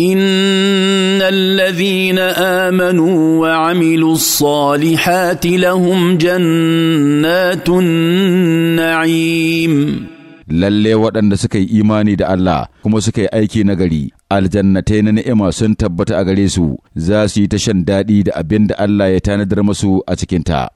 ان الذين امنوا وعملوا الصالحات لهم جنات النعيم lalle waɗanda suka yi imani da Allah kuma suka yi aiki nagari aljannatai na ni'ima sun tabbata a gare su za su yi ta shan daɗi da abin da Allah ya tanadar masu a cikinta.